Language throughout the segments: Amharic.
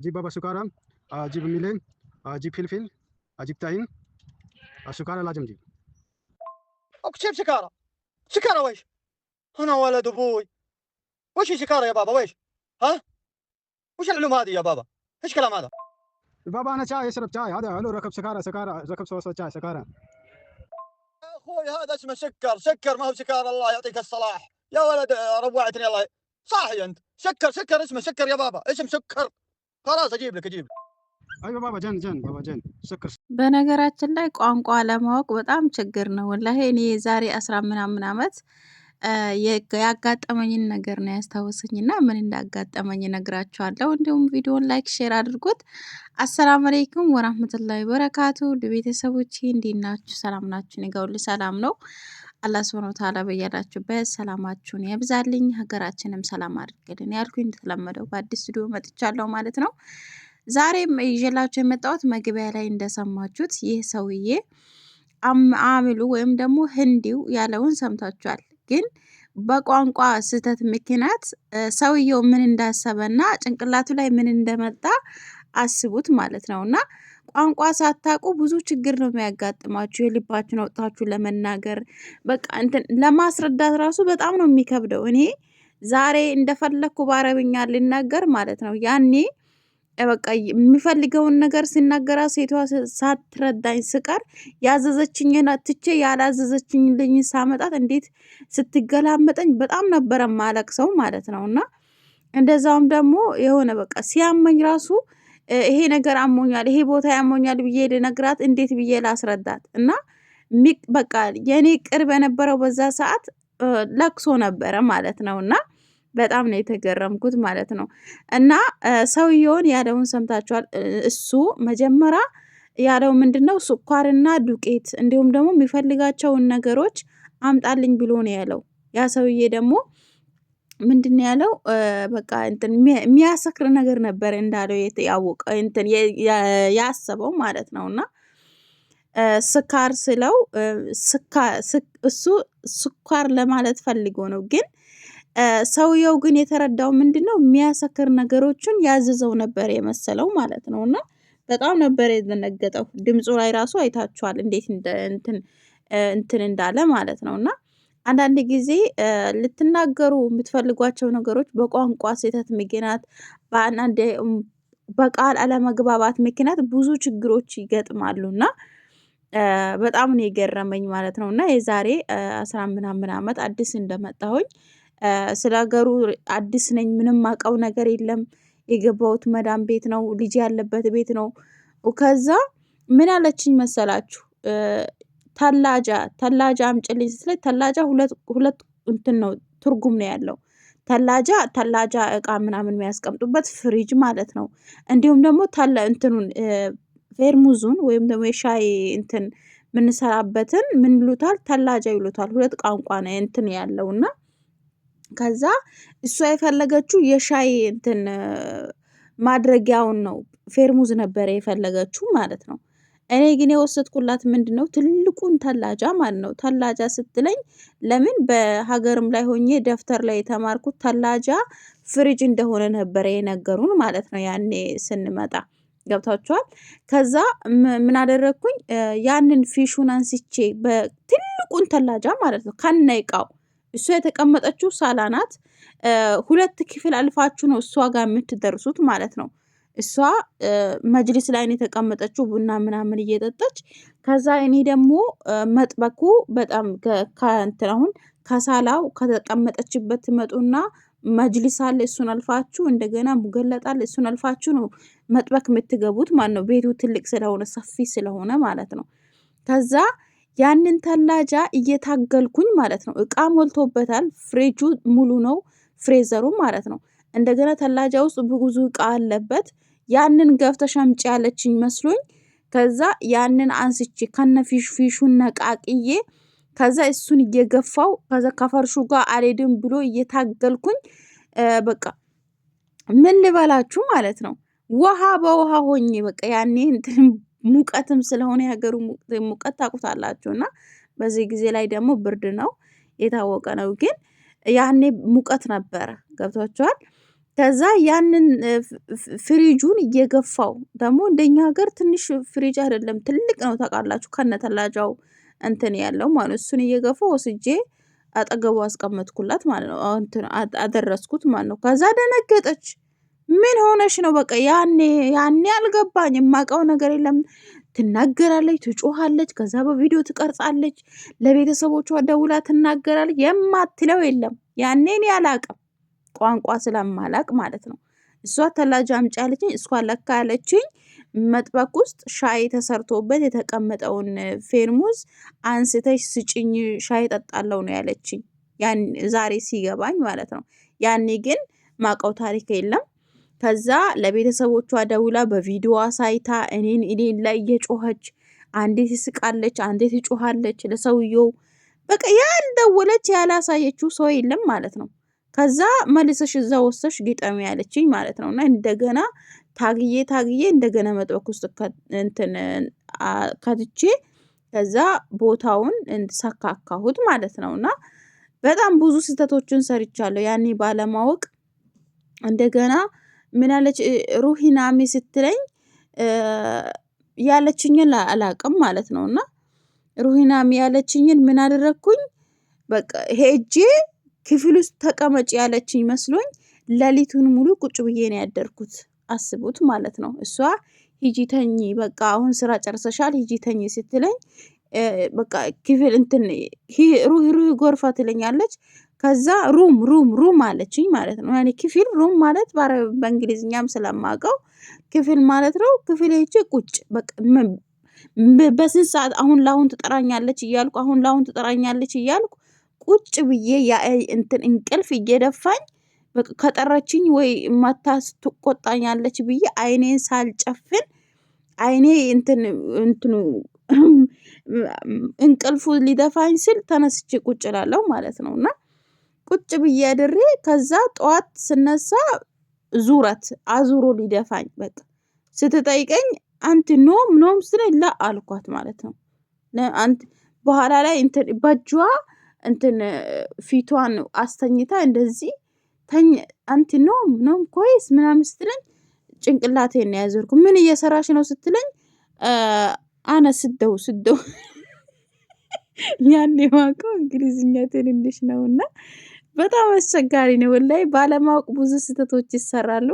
جيب بابا سكارم جيب ميلين جيب فلفل جيب تاين سكارا لازم جيب اكتب سكارا سكارا ويش انا ولد ابوي وش سكارا يا بابا ويش ها وش العلوم هذه يا بابا ايش كلام هذا بابا انا شاي اشرب شاي هذا علو ركب سكارا سكارا ركب سوسة شاي سكارا يا اخوي هذا اسمه سكر سكر ما هو سكار الله يعطيك الصلاح يا ولد روعتني الله صاحي انت سكر سكر اسمه سكر يا بابا اسم سكر خلاص اجيب لك اجيب لك ايوه بابا جن جن بابا جن شكر በነገራችን ላይ ቋንቋ ለማወቅ በጣም ችግር ነው። ወላሂ እኔ የዛሬ አስራ ምናምን አመት ያጋጠመኝን ነገር ነው ያስታወሰኝ እና ምን እንዳጋጠመኝ እነግራችኋለሁ። እንዲሁም ቪዲዮን ላይክ፣ ሼር አድርጉት። አሰላም አለይኩም ወራህመቱላሂ ወበረካቱ። ቤተሰቦቼ እንዴት ናችሁ? ሰላም ናችሁ? እኔ ጋ ሁሉ ሰላም ነው። አላህ ሱብሃነሁ ወተዓላ በያላችሁበት ሰላማችሁን ያብዛልኝ፣ ሀገራችንም ሰላም አድርግልን ያልኩኝ እንደተለመደው በአዲስ ስቱዲዮ መጥቻለሁ ማለት ነው። ዛሬም ይዤላችሁ የመጣሁት መግቢያ ላይ እንደሰማችሁት ይህ ሰውዬ አምሉ ወይም ደግሞ ህንዲው ያለውን ሰምታችኋል። ግን በቋንቋ ስህተት ምክንያት ሰውየው ምን እንዳሰበና ጭንቅላቱ ላይ ምን እንደመጣ አስቡት ማለት ነው እና ቋንቋ ሳታውቁ ብዙ ችግር ነው የሚያጋጥማችሁ። የልባችሁን አውጥታችሁ ለመናገር በቃ እንትን ለማስረዳት ራሱ በጣም ነው የሚከብደው። እኔ ዛሬ እንደፈለግኩ በአረብኛ ልናገር ማለት ነው ያኔ በቃ የሚፈልገውን ነገር ሲናገራ ሴቷ ሳትረዳኝ ስቀር ያዘዘችኝን ትቼ ያላዘዘችኝ ልኝ ሳመጣት እንዴት ስትገላመጠኝ በጣም ነበረ ማለቅ ሰው ማለት ነው። እና እንደዛውም ደግሞ የሆነ በቃ ሲያመኝ ራሱ ይሄ ነገር አሞኛል፣ ይሄ ቦታ ያሞኛል ብዬ ልነግራት እንዴት ብዬ ላስረዳት? እና በቃ የኔ ቅርብ የነበረው በዛ ሰዓት ለቅሶ ነበረ ማለት ነው እና በጣም ነው የተገረምኩት ማለት ነው። እና ሰውየውን ያለውን ሰምታችኋል። እሱ መጀመሪያ ያለው ምንድን ነው? ስኳርና ዱቄት እንዲሁም ደግሞ የሚፈልጋቸውን ነገሮች አምጣልኝ ብሎ ነው ያለው። ያ ሰውዬ ደግሞ ምንድን ያለው በቃ እንትን የሚያሰክር ነገር ነበር እንዳለው ያወቀ እንትን ያሰበው ማለት ነው። እና ስካር ስለው እሱ ስኳር ለማለት ፈልጎ ነው። ግን ሰውየው ግን የተረዳው ምንድን ነው የሚያሰክር ነገሮችን ያዘዘው ነበር የመሰለው ማለት ነው። እና በጣም ነበር የደነገጠው። ድምፁ ላይ ራሱ አይታችኋል እንዴት እንትን እንዳለ ማለት ነው እና አንዳንድ ጊዜ ልትናገሩ የምትፈልጓቸው ነገሮች በቋንቋ ስህተት ምክንያት በአንዳንድ በቃል አለመግባባት ምክንያት ብዙ ችግሮች ይገጥማሉና በጣም ነው የገረመኝ ማለት ነው። እና የዛሬ አስራ ምናምን ዓመት አዲስ እንደመጣሁኝ ስለ ሀገሩ አዲስ ነኝ፣ ምንም አውቀው ነገር የለም። የገባሁት መዳም ቤት ነው፣ ልጅ ያለበት ቤት ነው። ከዛ ምን አለችኝ መሰላችሁ? ተላጃ ተላጃ አምጪልኝ ስትለኝ ተላጃ ሁለት ሁለት እንትን ነው ትርጉም ነው ያለው። ተላጃ ተላጃ እቃ ምናምን የሚያስቀምጡበት ፍሪጅ ማለት ነው። እንዲሁም ደግሞ ተላ እንትኑን ፌርሙዙን ወይም ደግሞ የሻይ እንትን የምንሰራበትን ምን ይሉታል? ተላጃ ይሉታል። ሁለት ቋንቋ ነው እንትን ያለው እና ከዛ እሷ የፈለገችው የሻይ እንትን ማድረጊያውን ነው ፌርሙዝ ነበረ የፈለገችው ማለት ነው። እኔ ግን የወሰድኩላት ምንድን ነው ትልቁን ተላጃ ማለት ነው። ተላጃ ስትለኝ ለምን በሀገርም ላይ ሆኜ ደብተር ላይ የተማርኩት ተላጃ ፍሪጅ እንደሆነ ነበረ የነገሩን ማለት ነው። ያኔ ስንመጣ ገብታችኋል። ከዛ ምን አደረግኩኝ? ያንን ፊሹን አንስቼ በትልቁን ተላጃ ማለት ነው ከነ እቃው እሷ የተቀመጠችው ሳላ ናት። ሁለት ክፍል አልፋችሁ ነው እሷ ጋር የምትደርሱት ማለት ነው። እሷ መጅሊስ ላይ ነው የተቀመጠችው፣ ቡና ምናምን እየጠጣች ከዛ እኔ ደግሞ መጥበኩ በጣም ከእንትን አሁን ከሳላው ከተቀመጠችበት መጡና መጅሊስ አለ፣ እሱን አልፋችሁ እንደገና ሙገለጣል እሱን አልፋችሁ ነው መጥበክ የምትገቡት ማለት ነው። ቤቱ ትልቅ ስለሆነ ሰፊ ስለሆነ ማለት ነው። ከዛ ያንን ተላጃ እየታገልኩኝ ማለት ነው። እቃ ሞልቶበታል፣ ፍሬጁ ሙሉ ነው፣ ፍሬዘሩ ማለት ነው። እንደገና ተላጃ ውስጥ ብዙ እቃ አለበት። ያንን ገፍተሽ አምጪ ያለችኝ መስሎኝ ከዛ ያንን አንስቼ ከነ ፊሽ ፊሹን ነቃቅዬ ከዛ እሱን እየገፋው ከዛ ከፈርሹ ጋር አልሄድም ብሎ እየታገልኩኝ በቃ ምን ልበላችሁ ማለት ነው። ውሃ በውሃ ሆኜ በቃ ያኔ እንትን ሙቀትም ስለሆነ የሀገሩ ሙቀት ታውቁታላችሁ። እና በዚህ ጊዜ ላይ ደግሞ ብርድ ነው የታወቀ ነው። ግን ያኔ ሙቀት ነበረ ገብቷቸዋል። ከዛ ያንን ፍሪጁን እየገፋው ደግሞ እንደኛ ሀገር ትንሽ ፍሪጅ አይደለም ትልቅ ነው ታውቃላችሁ፣ ከነተላጃው እንትን ያለው ማለት እሱን እየገፋው ወስጄ አጠገቡ አስቀመጥኩላት ማለት ነው። አደረስኩት ማለት ነው። ከዛ ደነገጠች። ምን ሆነሽ ነው? በቃ ያኔ ያኔ አልገባኝ የማውቀው ነገር የለም። ትናገራለች፣ ትጮሃለች ከዛ በቪዲዮ ትቀርጻለች፣ ለቤተሰቦቿ ደውላ ትናገራለች። የማትለው የለም። ያኔን ያላቀም። ቋንቋ ስለማላቅ ማለት ነው። እሷ ተላጅ አምጪ አለችኝ። እሷ ለካ ያለችኝ መጥበቅ ውስጥ ሻይ ተሰርቶበት የተቀመጠውን ፌርሙዝ አንስተሽ ስጭኝ ሻይ ጠጣለው ነው ያለችኝ። ያን ዛሬ ሲገባኝ ማለት ነው። ያኔ ግን ማቀው ታሪክ የለም። ከዛ ለቤተሰቦቿ ደውላ በቪዲዮ አሳይታ እኔን እኔን ላይ እየጮኸች አንዴ ትስቃለች፣ አንዴ ትጮኻለች ለሰውየው። በቃ ያልደወለች ያላሳየችው ሰው የለም ማለት ነው። ከዛ መልሰሽ እዛ ወሰሽ ግጠሚ ያለችኝ ማለት ነው። እና እንደገና ታግዬ ታግዬ እንደገና መጥበቅ ውስጥ እንትን ከትቼ ከዛ ቦታውን ሰካካሁት ማለት ነው። እና በጣም ብዙ ስህተቶችን ሰርቻለሁ ያኔ ባለማወቅ። እንደገና ምን ሩሂናሚ ስትለኝ ያለችኝን አላቅም ማለት ነው። እና ሩሂናሚ ያለችኝን ምን አደረግኩኝ? በቃ ሄጄ ክፍል ውስጥ ተቀመጭ ያለችኝ መስሎኝ ሌሊቱን ሙሉ ቁጭ ብዬ ነው ያደርኩት። አስቡት ማለት ነው። እሷ ሂጂ ተኝ፣ በቃ አሁን ስራ ጨርሰሻል፣ ሂጂ ተኝ ስትለኝ በቃ ክፍል እንትን ሩህ ሩህ ጎርፋ ትለኛለች። ከዛ ሩም ሩም ሩም አለችኝ ማለት ነው። ያኔ ክፍል ሩም ማለት በእንግሊዝኛም ስለማውቀው ክፍል ማለት ነው። ክፍል ሄጄ ቁጭ በስንት ሰዓት አሁን ለአሁን ትጠራኛለች እያልኩ አሁን ለአሁን ትጠራኛለች እያልኩ ቁጭ ብዬ ያ እንትን እንቅልፍ እየደፋኝ ከጠረችኝ ወይ መታ ትቆጣኛለች ብዬ አይኔን ሳልጨፍን አይኔ እንትን እንትኑ እንቅልፉ ሊደፋኝ ስል ተነስቼ ቁጭ እላለሁ ማለት ነው። እና ቁጭ ብዬ አድሬ ከዛ ጠዋት ስነሳ ዙረት አዙሮ ሊደፋኝ በቃ ስትጠይቀኝ አንቲ ኖም ኖም ስለኝ ላ አልኳት ማለት ነው። አንቲ በኋላ ላይ እንትን በእጇ እንትን ፊቷን አስተኝታ እንደዚህ አንቲ ኖም ኖም ኮይስ ምናምን ስትለኝ ጭንቅላቴን ያዘርኩ። ምን እየሰራሽ ነው ስትለኝ አነ ስደው ስደው ያን የማውቀው እንግሊዝኛ ትንንሽ ነው እና በጣም አስቸጋሪ ነው። ላይ ባለማወቅ ብዙ ስህተቶች ይሰራሉ።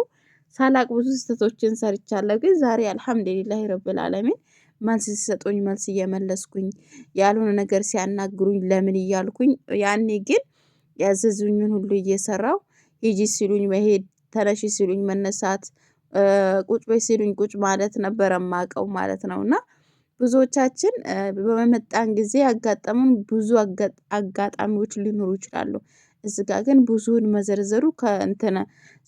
ሳላቅ ብዙ ስህተቶችን ሰርቻለሁ። ግን ዛሬ አልሐምዱሊላህ ረብል ዓለሚን መልስ ሲሰጡኝ መልስ እየመለስኩኝ ያልሆነ ነገር ሲያናግሩኝ ለምን እያልኩኝ ያኔ ግን ያዘዙኝን ሁሉ እየሰራው ሂጂ ሲሉኝ መሄድ፣ ተነሺ ሲሉኝ መነሳት፣ ቁጭ በይ ሲሉኝ ቁጭ ማለት ነበረ ማቀው ማለት ነው እና ብዙዎቻችን በመጣን ጊዜ ያጋጠሙን ብዙ አጋጣሚዎች ሊኖሩ ይችላሉ። እዚጋ ግን ብዙውን መዘርዘሩ ከእንትነ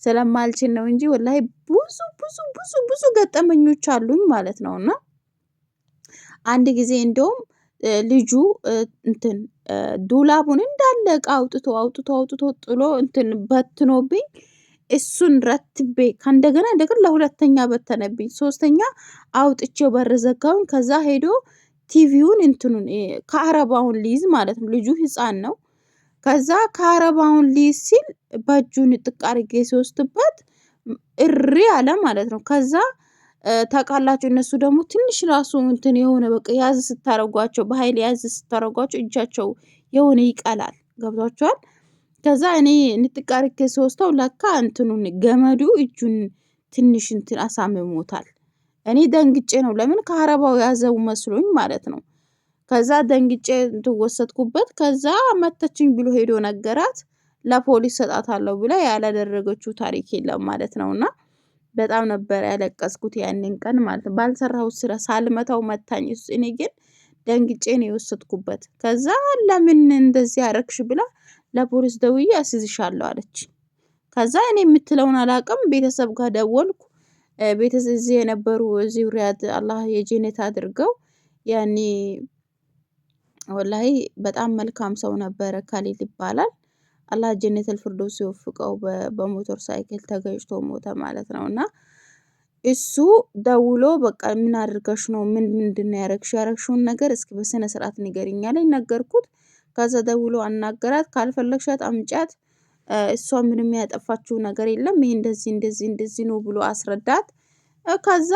ስለማልችን ነው እንጂ ወላሂ ብዙ ብዙ ብዙ ብዙ ገጠመኞች አሉኝ ማለት ነው እና አንድ ጊዜ እንደውም ልጁ እንትን ዱላቡን እንዳለ እቃ አውጥቶ አውጥቶ አውጥቶ ጥሎ እንትን በትኖብኝ እሱን ረትቤ ከእንደገና እንደገና ለሁለተኛ በተነብኝ። ሶስተኛ አውጥቼው በር ዘጋውን። ከዛ ሄዶ ቲቪውን እንትኑን ከአረባውን ሊይዝ ማለት ነው። ልጁ ህፃን ነው። ከዛ ከአረባውን ሊይዝ ሲል በእጁን ጥቃርጌ ሲወስድበት እሪ አለ ማለት ነው። ከዛ ታውቃላችሁ። እነሱ ደግሞ ትንሽ ራሱ እንትን የሆነ በቃ ያዝ ስታረጓቸው፣ በኃይል ያዝ ስታረጓቸው እጃቸው የሆነ ይቀላል። ገብቷቸዋል። ከዛ እኔ ንጥቃርክ ሶስተው ለካ እንትኑን ገመዱ እጁን ትንሽ እንትን አሳምሞታል። እኔ ደንግጬ ነው ለምን ከአረባው ያዘው መስሎኝ ማለት ነው። ከዛ ደንግጬ ትወሰድኩበት። ከዛ መተችኝ ብሎ ሄዶ ነገራት። ለፖሊስ ሰጣታለሁ ብላ ያላደረገችው ታሪክ የለም ማለት ነውና በጣም ነበር ያለቀስኩት ያንን ቀን ማለት ነው። ባልሰራሁት ስራ ሳልመታው መታኝ። እኔ ግን ደንግጬ ነው የወሰድኩበት። ከዛ ለምን እንደዚህ አረግሽ ብላ ለፖሊስ ደውዬ አስይዝሻለሁ አለች። ከዛ እኔ የምትለውን አላቅም። ቤተሰብ ጋር ደወልኩ። ቤተሰብ እዚህ የነበሩ እዚህ ሪያድ አላህ የጄኔት አድርገው ያኔ ወላሂ በጣም መልካም ሰው ነበረ። ካሊል ይባላል። አላህ ጀነተል ፊርደውስ ሲወፍቀው በሞተር ሳይክል ተገጭቶ ሞተ ማለት ነው። እና እሱ ደውሎ በቃ ምን አድርገሽ ነው? ምን ምንድን ያረግሽ? ያረግሽውን ነገር እስኪ በስነ ስርዓት ንገሪኝ አለኝ። ነገርኩት። ከዛ ደውሎ አናገራት። ካልፈለግሻት አምጫት፣ እሷ ምንም ያጠፋችው ነገር የለም፣ ይህ እንደዚህ እንደዚህ እንደዚህ ነው ብሎ አስረዳት። ከዛ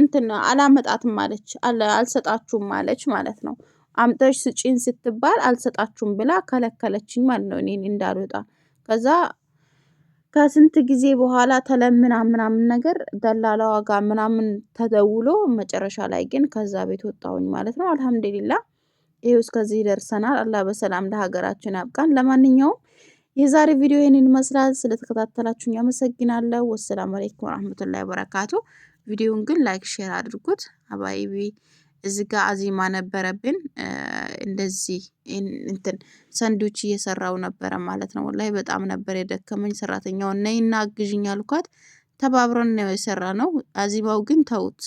እንትን አላመጣትም አለች፣ አልሰጣችሁም አለች ማለት ነው። አምጠሽ ስጪን ስትባል አልሰጣችሁም ብላ ከለከለችኝ ማለት ነው እኔን እንዳልወጣ። ከዛ ከስንት ጊዜ በኋላ ተለምና ምናምን ነገር ደላላ ዋጋ ምናምን ተደውሎ መጨረሻ ላይ ግን ከዛ ቤት ወጣሁኝ ማለት ነው። አልሐምዱሊላ ይኸው እስከዚህ ደርሰናል። አላህ በሰላም ለሀገራችን ያብቃን። ለማንኛውም የዛሬ ቪዲዮ ይህንን ይመስላል። ስለተከታተላችሁኝ አመሰግናለሁ። ወሰላም አለይኩም ወረህመቱላሂ ወበረካቱ። ቪዲዮውን ግን ላይክ፣ ሼር አድርጉት አባይቢ እዚጋ ጋር አዚማ ነበረብን። እንደዚህ እንትን ሰንዱች እየሰራው ነበረ ማለት ነው። ወላሂ በጣም ነበር የደከመኝ። ሰራተኛውን ነይና አግዥኝ አልኳት። ተባብረን ነው የሰራ ነው። አዚማው ግን ተውት።